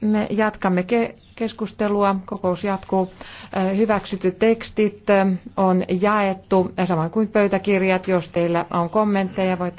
Me jatkamme ke- keskustelua. Kokous jatkuu. Äh, hyväksytyt tekstit äh, on jaettu, samoin kuin pöytäkirjat. Jos teillä on kommentteja, voitte